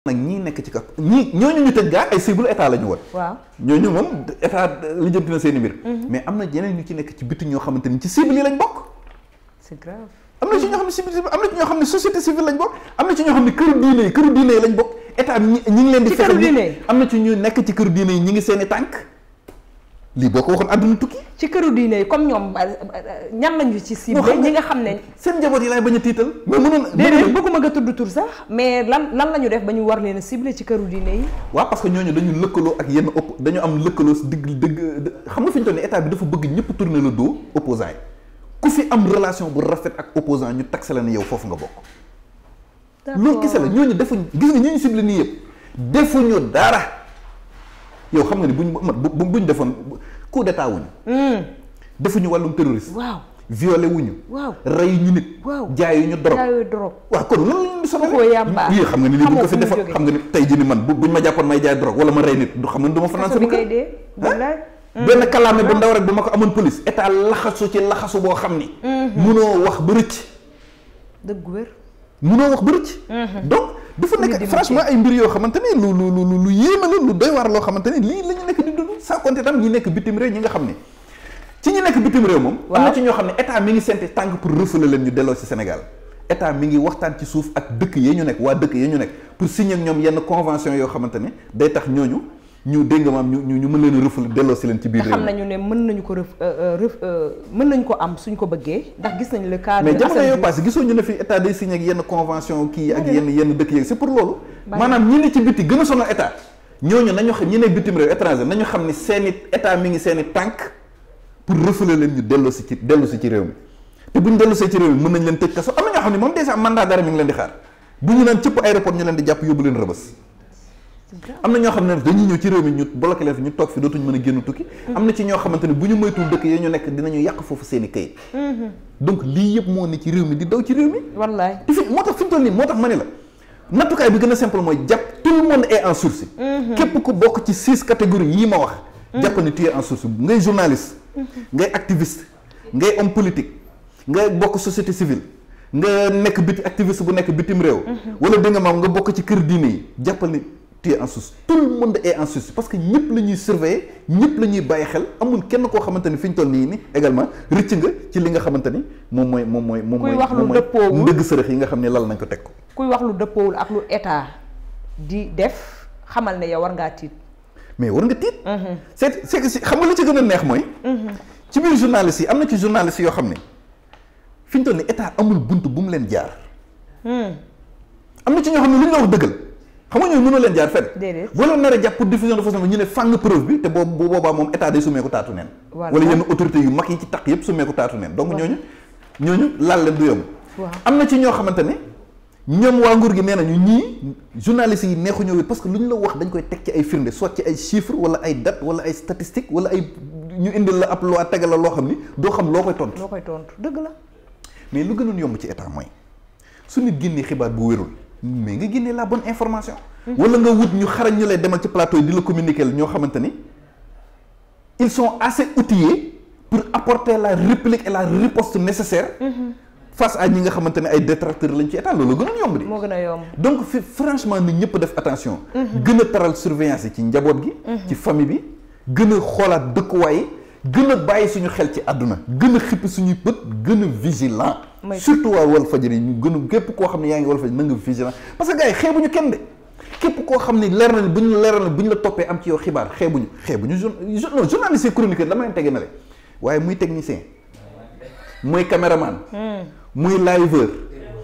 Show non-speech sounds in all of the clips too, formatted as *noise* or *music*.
nag ñii nekk ci kap ñii ñoo ñu tëj gaar ay cible état la ñu woon waaw ñooñu moom état li jëmti na seen i mbir mhm. mais am na yeneen ñu ci nekk ci biti ñoo xamante ni ci cible yi lañ bokk am na ci ñoo xam ne cible am na ci ñoo xam ne société civile lañ bokk am na ci ñoo xam ne këru diine yi këru diine yi lañ bokk état ñi ngi leen di fexe am na ci ñu nekk ci këru diine yi ñu ngi seen i tànk lii boo ko waxoon àdduna tukki. ci këru diine yi comme ñoom euh, euh, ñan lañu ci ciblé nga xam ne. seen njaboot yi laay bañ a tiital. mais mënoon déedéet bëgguma nga tudd tur ñu def ba ñu war leen ci këru diine yi. waaw que ñooñu dañu lëkkaloo ak yenn ëpp dañu am lëkkaloo si digg dëgg xam nga fi ñu toll nii état bi dafa bëgg ñëpp tourner le dos opposant fi am relation bu rafet ak opposant ñu taxé la ne yow foofu nga bokk. loolu kese la ñooñu defuñ gis nga ñi ñu ciblé nii yëpp defuñu dara yow xam nga ni buñ bu buñ defoon coup d'état wuñu hmm. ñu wàllum terroriste waaw violé wuñu waaw rey ñu nit jaayu ñu drogue jaayu drogue waaw kon loolu sama yi xam nga ni lii buñ ko fi defoon xam nga ni tey ji ni man buñ ma jàppoon may jaay drogue wala ma rey nit du xam nga ni du ma financé sama kër hmm. benn kalaame bu ndaw rek bu ma ko amoon police état laxasu ci laxasu boo xam ni hmm. munoo wax ba rëcc dëgg wér munoo wax ba rëcc donc dafa nekk franchement ay mbir yoo xamante ne lu lu lu lu lu doy war loo xamante ne lii la ñu nekk di dund sans compter tam ñi nekk bitim réew ñi nga xam ne ci ñi nekk bitim réew moom am na ci ñoo xam ne état mi ngi senti tànk pour refouler leen ñu delloo si Sénégal état mi ngi waxtaan ci suuf ak dëkk yee ñu nekk waa dëkk yee ñu nekk pour signer ak ñoom yenn convention yoo xamante ne day tax ñooñu ñu dégg nga maam ñu ñu mën leen a rëfal delloo si leen ci biir réew mi xam nañu ko rëf euh, euh, rëf euh, mën nañu gis nañu ñu ne fi état day signé yenn convention kii ak yenn yenn dëkk yeeg c'est pour loolu ci a sonal état ñooñu nañu xam ne réew seen i mi ngi seen i tànk pour rëfale leen si ci delloo si ci réew mi te mën nañ leen tëj kaso am na ñoo xam ne moom déjà mandat dara mi ngi leen di xaar bu ñu naan cëpp aéroport ñu leen di jàpp yóbbu leen rëbës am na ñoo xam ne dañuy ñëw ci réew mi ñu bloqué leen fi ñu toog fi dootuñu mën a génn tukki mm-hmm. am na ci ñoo xamante ne bu ñu moytuwul dëkk yooyu ñu nekk dinañu yàq foofu seen i mm-hmm. donc lii yëpp moo ne ci réew mi di daw ci réew mi wallaay te fi moo tax fi mu toll nii moo gën a mooy jàpp tout le monde est en source mm-hmm. képp ku bokk ci six catégories yii ma wax jàpp ne tu es en source ngay journaliste ngay activiste ngay homme politique nga bokk société civile nga nekk biti activiste bu nekk bitim réew wala dégg nga maam nga bokk ci kër diine yi jàppal ni tu es en sus tout le monde est en sus parce que ñëpp la ñuy surveiller ñëpp la ñuy bàyyi xel amul kenn koo xamante ni fi ñu toll nii ni également rëcc nga ci li nga xamante ni moom mooy moom mooy moom mooy kuy ndëgg sërëx yi nga xam ne lal nañ ko teg ko kuy wax lu dëppoowul ak lu état di def xamal ne yow war ngaa tiit mais war nga tiit mhm. c'est c'est que si xam nga li ci gën a neex mooy mhm. ci biir journalistes yi am na ci journalistes yoo xam ne fi ñu toll nii état amul bunt bu mu leen jaar hmm. na ci ñoo xam ne lu ñu la xam nga ñooñu mënoo leen jaar fenn. déedéet leen nar a jàpp pour diffusion de fausse nouvelle ñu ne fàng preuve bi te boobu boobaa moom état day sumee ko taatu neen. wala yenn autorité yu mag yi ci tax yëpp sumee ko taatu neen. donc ñooñu ñooñu laal leen du yomb. am na ci ñoo xamante ne ñoom waa nguur gi nee nañu ñii journalistes yi neexu ñëw parce que lu ñu la wax dañ koy teg ci ay firnde soit ci ay chiffres wala ay date wala ay statistique wala ay ñu indil la ab loi tegal la loo xam ni doo xam loo koy tontu. loo koy tontu dëgg la. mais lu gënoon yomb ci état mooy su nit génnee xibaar bu wérul mais nga génnee la bonne information. wala nga wut ñu xarañ ñu lay demal ci plateau di la communiquer ñoo xamante ni ils son assez outillés pour apporter la réplique et la riposte nécessaire. face à ñi nga xamante ne ay détracteurs lañ ci état loolu gën a yomb di. moo gën a yomb donc fi franchement nit ñëpp def attention. gën a taral surveillance yi ci njaboot gi. ci famille bi gën a xoolaat dëkkuwaay yi gën a bàyyi suñu xel ci àdduna gën a xippi suñuy bët gën vigilant. surtout waa Walfadjri yi ñu gën képp koo xam ne yaa ngi Walfadjri na nga vigilant parce que gars ñu xeebuñu kenn de képp koo xam ni leer na bu ñu leer bu ñu la toppee am ci yow xibaar xeebuñu xeebuñu non journaliste chroniqueur dama leen tege na le waaye muy technicien muy caméraman hmm. muy liveur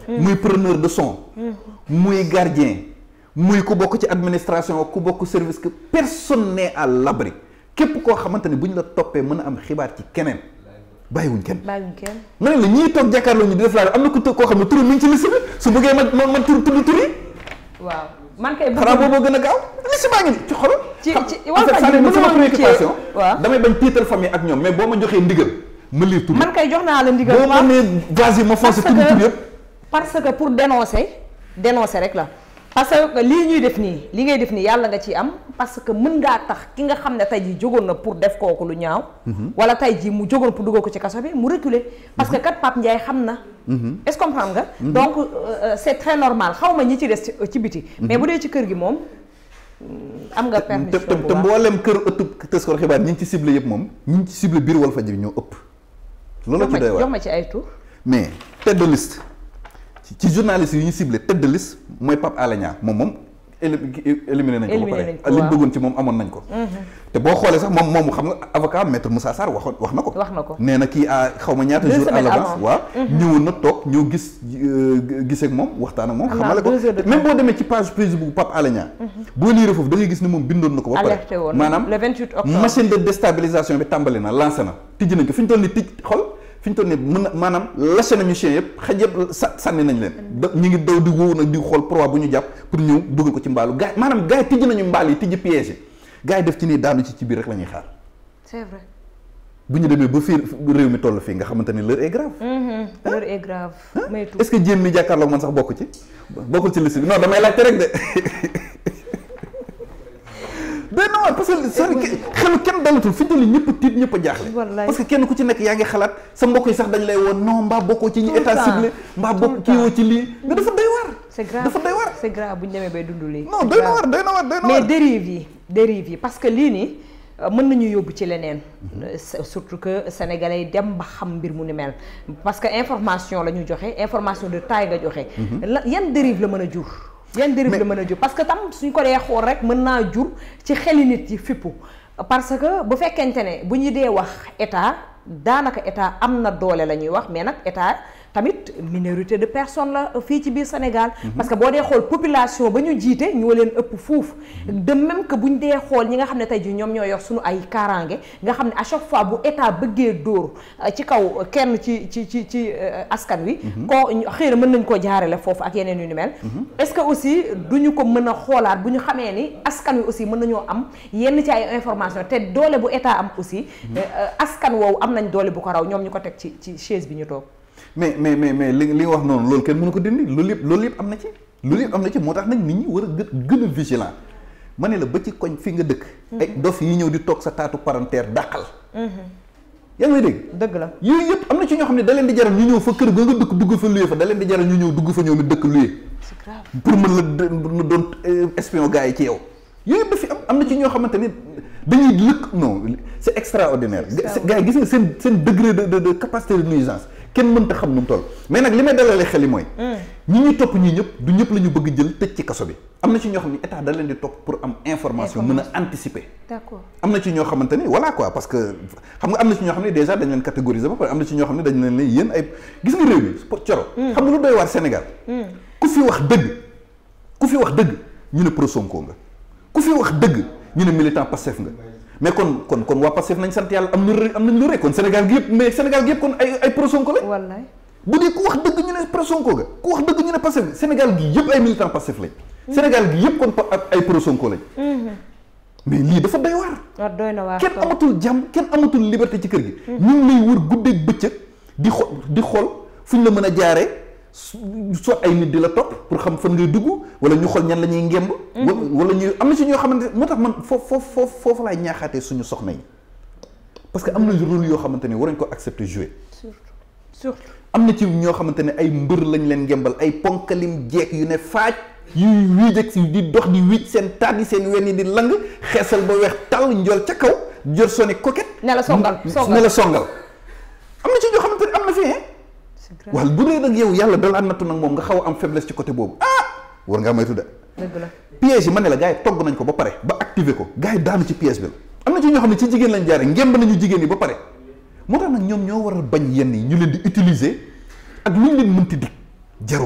hmm. muy preneur de son hmm. muy gardien muy ku bokk ci administration ku bokk service que personne n'est à l'abri képp koo xamante ne bu ñu la toppee mën a am xibaar ci keneen bàyyiwuñ kenn bàyyiwuñ kenn ma la ñii toog jàkkaarloo ñu di def laa am na ku koo xam ne turu mi ngi ci liste bi su bëggee ma ma tur tudd tur yi waaw man kay xanaa boobu gën a gaaw liste baa ngi ci xol ci ci wàllu faj sama préoccupation waaw damay bañ tiital famille ak ñoom mais boo ma joxee ndigal ma liir tur man kay jox naa la ndigal boo ma nee gaz yi ma forcé tudd tur yëpp parce que pour dénoncer dénoncer rek la parce que li ñuy def nii li ngay def nii yàlla nga ci am parce que mën ngaa tax ki nga xam ne tey jii jógoon na pour def kooku lu ñaaw. Mhm. wala tey jii mu jógoon pour dugal ko ci kaso bi mu reculer. parce que mhm. kat Pape Ndiaye xam na. Mhm. est-ce que nga. donc euh, euh, c'est très normal xaw ma ñi ci des ci euh, biti. mais mu dee ci kër gi moom mm, am nga. permission te te mboolem kër ëttub taskor xibaar ñi ñu ci ciblé yëpp moom ñi ñu ci ciblé biir bi ñoo ëpp. loolu ci doy waar jox ma ci ay tur mais tête de liste. ci journaliste yi ñu ciblé tête de liste mooy Pape Alé Niang moom moom éliminé nañ ko ba pare li bëggoon ci moom amoon nañ ko mhm. te boo xoolee sax moom moomu xam nga avocat maître Moussa Sarr waxoon wax na ko wax na ko nee kii à xaw ma ñaata jours à l'avance waaw mhm. ñëwoon na toog ñëw gis euh, gisee ak moom waxtaan ak moom xamale ko même boo demee ci page Facebook Pape Alé Niang mhm. boo liiree foofu da gis ne moom bindoon na ko ba pare maanaam machine de déstabilisation bi tàmbali na na tijji nañ fi ñu toll nii mën na maanaam lâché nañu chien yëpp xaj yëpp sànni nañ leen. da mm. ñu ngi daw di wóowu nag di xool proie bu ñu jàpp pour ñëw dugal ko ci mbaalu gaay maanaam gaay tijji nañu mbaal yi tijji piège yi gaay def ci nii daanu ci ci biir rek la xaar. bu ñu demee ba fii réew mi toll fii nga xamante ni l'heure est grave. Mm-hmm. l'heure est grave. est-ce que jéem mi jàkkaarloog man sax bokk ci bokkul ci liste bi non damay laajte rek de. *laughs* benn waay parce que xelu kenn dalatul fi ñu ñëpp tiit ñëpp a jaaxle parce kenn ku ci nekk yaa ngi xalaat sa mbokk yi sax dañ lay woon non mbaa bokkoo ci ñi état ciblé mbaa bokk kii ci lii dafa doy waar c'est grave bu ñu demee bay dundu lii non doy na waar doy na waar doy na waar mais dérive yi dérive yi parce que lii nii euh, mën nañu yóbbu ci leneen euh, surtout que sénégalais yi dem ba xam mbir mu ni mel parce que information la ñu joxe information de taille nga joxe mm-hmm. yan dérive la mën a jur yan dérive la mën a jur parce que tam suñ ko dee xool rek mën naa jur ci xeli nit yi fippu parce que bu fekkente ne bu ñu dee wax état daanaka état am na doole la ñuy wax mais nag état tamit minorité de personnes la fii ci biir Sénégal parce que boo dee xool population ba ñu jiite ñoo leen ëpp fuuf de même que buñ dee xool ñi nga xam ne tey ji ñoom ñoo yor suñu ay kaaraange nga xam ne à chaque fois bu état bëggee dóor euh, ci kaw kenn ci ci ci ci euh, askan wi mhm. ko xëy na mën nañ ko jaarale foofu ak yeneen yu ni mel mhm. est-ce que aussi duñu ko mën a xoolaat bu ñu xamee ni askan wi aussi mën nañoo am yenn ci ay information te doole bu état am aussi mhm. euh, askan woowu am nañ doole bu ko raw ñoom ñu ko teg ci ci chaise bi ñu toog mais mais mais mais li li nga wax noonu loolu kenn mënu ko dindi loolu yëpp loolu yëpp am na ci loolu yëpp am na ci moo tax a gë gën a vigilant la ba ci koñ fi nga dëkk. Mm-hmm. ay dof yi ñëw di toog sa taatu parentère dàqal. Mm-hmm. yaa ngi may dégg. la yooyu yëpp am ci ñoo xam ne da leen di jaral ñu ñëw fa dugg leen di jaral ñu ñëw dugg fa ñëw lu dëkk luye. c'est grave pour mën euh, yi ci yow. yooyu yëpp am am na ci ñoo xamante ni dañuy lëkk non c'est extraordinaire. gars yi gis nga seen seen degré de de de capacité de nuisance kenn mënta xam nu mu mais nag li may dalalee xel yi mooy hmm. ñi ñuy topp ñii ñëpp du ñëpp la ñu bëgg jël tëj ci kaso bi am na ci ñoo xam ne état pour am information mën a anticiper d'accord am na ci ñoo xamante ni voilà quoi parce que xam nga am na ci ñoo ne déjà dañ leen catégoriser ba pare am na ci ñoo xam ne dañ leen ne ay gis nga réew bi coro hmm. xam nga lu doy waar Sénégal hmm. ku fi wax dëgg ku fi wax dëgg ñu ne pro Sonko nga ku fi wax dëgg ñu ne militant Pastef nga mais kon kon kon waa Pastef nañ sant yàlla am na am nañ lu rek kon Sénégal gi yëpp mais Sénégal gi yëpp kon ay ay lañ. wallaay ku wax dëgg ñu ne pro Sonko ga ku wax dëgg ñu ne Pastef Sénégal gi yëpp ay militant Pastef lañ. Mhm. Sénégal gi yëpp kon ay pro lañ. Mhm. mais lii dafa doy waar. waaw doy na waar kenn amatul jàmm kenn amatul liberté ci kër gi. Mhm. ñu ngi lay wër guddeeg bëccëg di xo di xool fu ñu la mën a jaaree. soit ay nit di la topp pour xam fan ngay dugg wala ñu xool ñan la ñuy ngemb. Mhm. wala ñuy am na ci ñoo xamante moo tax man foofu foofu foofu laay ñaaxaatee suñu soxna yi parce que am na rôle yoo xamante ne waruñ ko accepter jouer. surtout surtout. am na ci ñoo xamante ne ay mbër lañ leen ngembal ay ponkalim jeek yu ne faaj yuy wiij si di dox di wiij seen taat yi seen wen yi di lang xeesal ba weex tàll njool ca kaw jër soni coquette. ne la songal songal ne la songal. am na ci ñoo xamante ne am na fi waaw bu dee nag yow yàlla da nattu nag moom nga xaw a am faiblesse ci côté boobu ah war ngaa moytu de dëgg la piège yi ma ne la gars yi togg nañ ko ba pare ba activer ko gars yi daanu ci piège bi la am na ci ñoo xam ne ci jigéen lañ jaare ngemb nañu jigéen yi ñoom ñu leen di utiliser ñi nga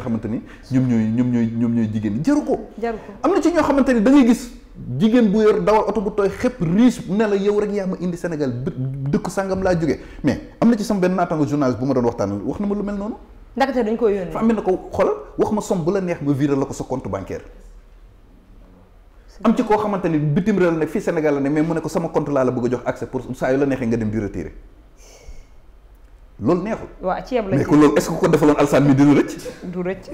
xamante ni ñoom ñooy ñoom ñooy ñoom ñooy jigéen ñi jaru ko jaru ko am na ci ñoo xamante ni da gis jigéen bu yor dawal oto bu tooy xëpp riche ne la yow rek yaa ma indi Sénégal dëkk sàngam laa jóge mais am na ci sama benn naataango journaliste bu ma doon waxtaan wax na ma lu mel noonu. ndaxte dañ ko yónnee. am na ko xoolal wax ma somme neex ma viré la ko sa compte bancaire. am koo xamante ni bitim réew la ne fii Sénégal la ne mais mu ne ko sama compte laa la bëgg a jox accès pour saa yu la neexee nga dem di retirer loolu neexul. waaw ceeb la ko loolu est-ce que ko defaloon alsaan mi dina rëcc. du rëcc.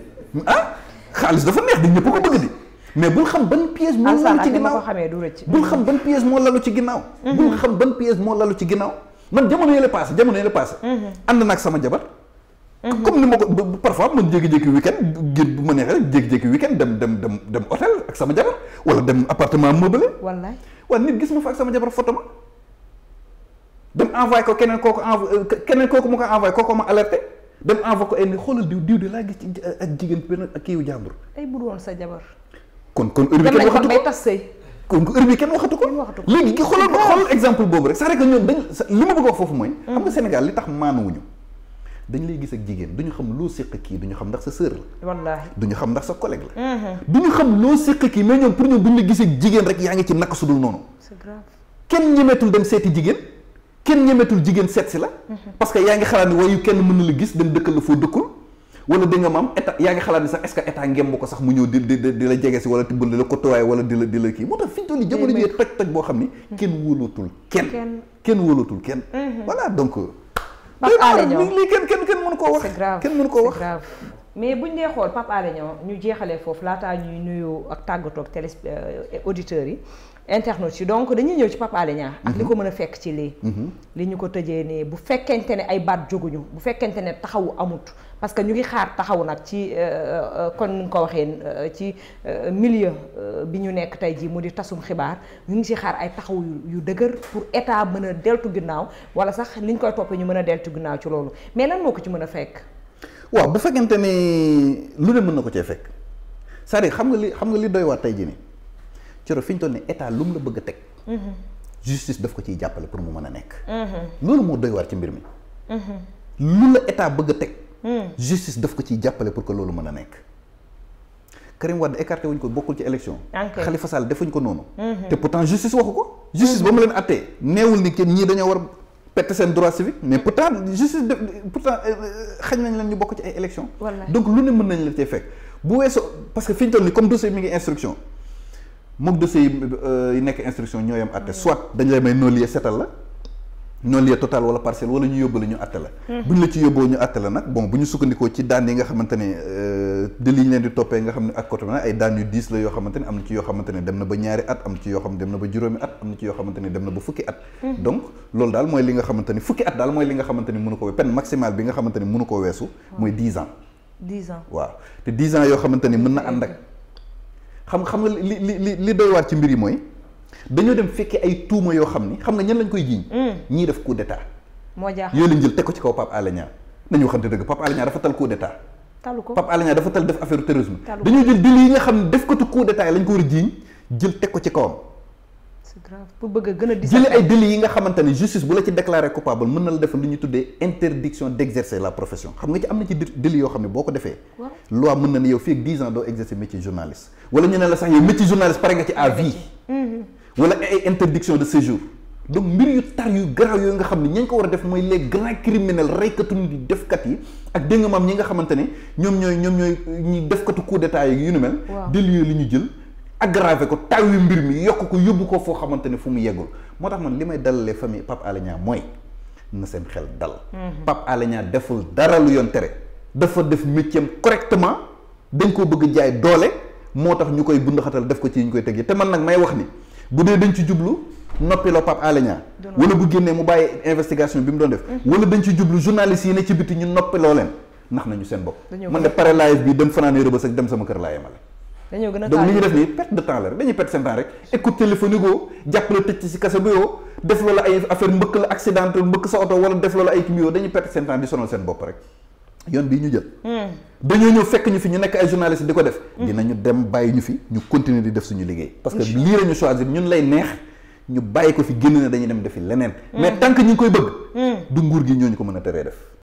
ah xaalis dafa neex di ko bëgg di. mais bul xam ban pièce moo lalu ci ginnaaw bul xam ban pièce moo lalu ci ginnaaw bul xam ban pièce moo lalu ci ginnaaw man jamono yële passé jamono yële passé mm-hmm. ànd naag sama jabar mm-hmm. comme ni ma ko parfois man jékki-jékki weekend génn bu ma neexee rek jékki-jékki weekend dem dem dem dem hôtel ak sama jabar wala dem appartement meublé wallaay wala nit gis ma fa ak sama jabar photo ma dem envoyé ko keneen kooku envoyé euh, keneen kooku ma ko envoyé kooku ma alerté dem envoyé ko ay ni xoolal diw diw de laa gis ci ak jigéen benn ak kiiwu jàmbur ay bu doon sa jabar kon kon heure bi kenn waxatu ko kon heure bi kenn waxatu ko léegi gi xoolal xoolal exemple boobu rek sax rek ñoom dañ li ma bëgg wax foofu mooy xam nga Sénégal li tax maanuwuñu dañ lay gis ak jigéen duñu xam loo séq kii duñu xam ndax sa sœur la wallaahi duñu xam ndax sa collègue la mhm. duñu xam loo séq kii mais ñoom pour ñoom buñ la gisee jigéen rek yaa ngi ci nak sudul noonu c'est grave kenn ñemeetul dem seeti jigéen kenn ñemeetul jigéen seet si la mhm. parce que yaa ngi xalaat ni yu kenn mën na la gis dem dëkkal la foo dëkkul wala da nga maam état yaa ngi xalaat ni sax est-ce que état ngem ko sax mu ñëw di di di la jege si wala tibbal la kotuwaay wala di la di la kii moo tax fi ñu nii jamono bi toj toj boo xam ni hmm. kenn wóolootul kenn kenn wóolootul kenn hmm. voilà donc euh, Pape Alé Niang lii kenn kenn kenn mënu koo wax kenn mënu koo wax mais bu dee xool Pape Alé Niang ñu jeexalee foofu laataa ñuy nuyu ak tàggatoo ak télé euh, auditeurs yi internautes yi donc dañuy ñëw ci Pape Alé ak li mhm. ko mën a fekk ci lii mhm. li ñu ko tëjee nii bu fekkente ne ay baat jóguñu bu fekkente ne taxawu amut parce que ñu ngi xaar taxaw nag ci kon euh, euh, ni ko waxee euh, ci milieu bi ñu nekk tey jii mu di tasum xibaar ñu ngi ci xaar ay taxaw yu dëgër pour état mën a deltu ginnaaw wala sax li ñu koy toppee ñu mën a deltu ginnaaw ci loolu mais lan moo ko ci mën a fekk waaw bu fekkente ne lu ne mën na ko cee fekk sari xam nga li xam nga li doy waar jii coro fi ñu toll ne état lu mu la bëgg a teg. Mhm. justice daf ko ciy jàppale pour mu mën a nekk. Mhm. loolu moo doy war ci mbir mi. Mhm. lu la état bëgg a teg. justice daf ko ciy jàppale pour que loolu mën a nekk. Karim Wade écarté wuñ ko bokkul ci élection. Khalifa Sall defuñ ko noonu. te pourtant justice waxu ko. justice ba mu leen attee neewul ni kenn ñii dañoo war perte seen droit civique mais pourtant justice de pourtant euh, euh, xañ nañ leen ñu bokk ci ay élection mook dossier euh, yi nekk instruction ñoo yem àtte soit dañ lay may non-lieu setal la non total wala partiel wala ñu yóbbu la àtte la hmm. bu ñu la ci yóbboo ñu àtte la nag bon bu ñu sukkandikoo ci daan yi nga xamante euh, xam ne ak côté na ay daan dem na ba ñaari at am na ci yoo xam dem na ba juróomi at am na ci yoo xamante dem na ba fukki at hmm. donc loolu daal mooy li nga xamante fukki at daal mooy li nga xamante mënu ko weesu hmm. mooy dix ans yoo xamante ni mën na ànd xam xam nga li li li doy waar ci mbir yi mooy dañoo dem fekkee ay tuuma yoo xam ni xam nga ñan lañ koy jiiñ mm. ñii def coup d'état moo jaaxal yooyu lañ jël teg ko ci kaw Pape Alé Niang nañu waxante dëgg Pape Alé dafa tal coup d'état talu ko Pape Alé Niang dafa tal def affaire terrorisme dañoo jël dil yi nga xam ne def ko tu coup d'état lañ ko war jiiñ jël teg ko ci kawam c'est grave a gën a. jëli ay délits yi nga xamante justice bu la ci déclaré coupable mën na la defal lu ñu tuddee interdiction d' exercer la profession xam nga ci am na ci délits yoo xam ne boo ko defee. loi mën na ne yow fii ak 10 ans doo exercer métier journaliste. wala ñu ne la sax yow métier journaliste pare nga ci à vie. Mm-hmm. ay interdiction de séjour. donc mbir yu tar yu garaaw yooyu nga xam ne ko war def mooy les grands criminels reykatu nit yi defkat yi ak dégg maam ñi nga xamante ne ñoom ñooy ñoom ñooy ñi defkatu coup d'état yi aggravé ko tawi mbir mi yokk ko yóbbu ko foo xamante ne fu mu yeggul moo tax man li may dalalee famille Pape Alé Niang mooy na seen xel dal. Mhm. Pape Alé Niang deful dara lu yoon tere. dafa def métier correctement dañ koo bëgg jaay doole moo tax ñu koy bund xatal def ko ci ñu koy tegee te man nag may wax ni bu dee dañ ci jublu noppiloo Pape Alé Niang wala bu génnee mu bàyyi investigation bi mu doon def. Mhm. wala dañ ci jublu journaliste yi ne ci biti ñu noppiloo leen nax nañu seen bopp. man de pare live bi dem fanaane Rebeuss dem sama kër laa yemale. dañoo gën a donc li ñu def nii perte de temps la rek dañuy perte seen temps rek écoute téléphonique oo jàppale tëj ci si kase bi yoo def loola ay affaire mbëkk la accident mbëkk sa oto wala def loola ay kii yoo dañuy perte seen temps di sonal seen bopp rek yoon bii ñu jël hmm. dañoo ñëw fekk ñu fi ñu nekk ay journaliste di ko def hmm. dinañu dem bàyyi ñu fi ñu continuer di def suñu liggéey parce que lii la ñu choisir ñun lay neex ñu bàyyi ko fi génn ne dañuy dem defi leneen hmm. mais tant que ñu koy bëgg du gi ñooñu ko mën a teree def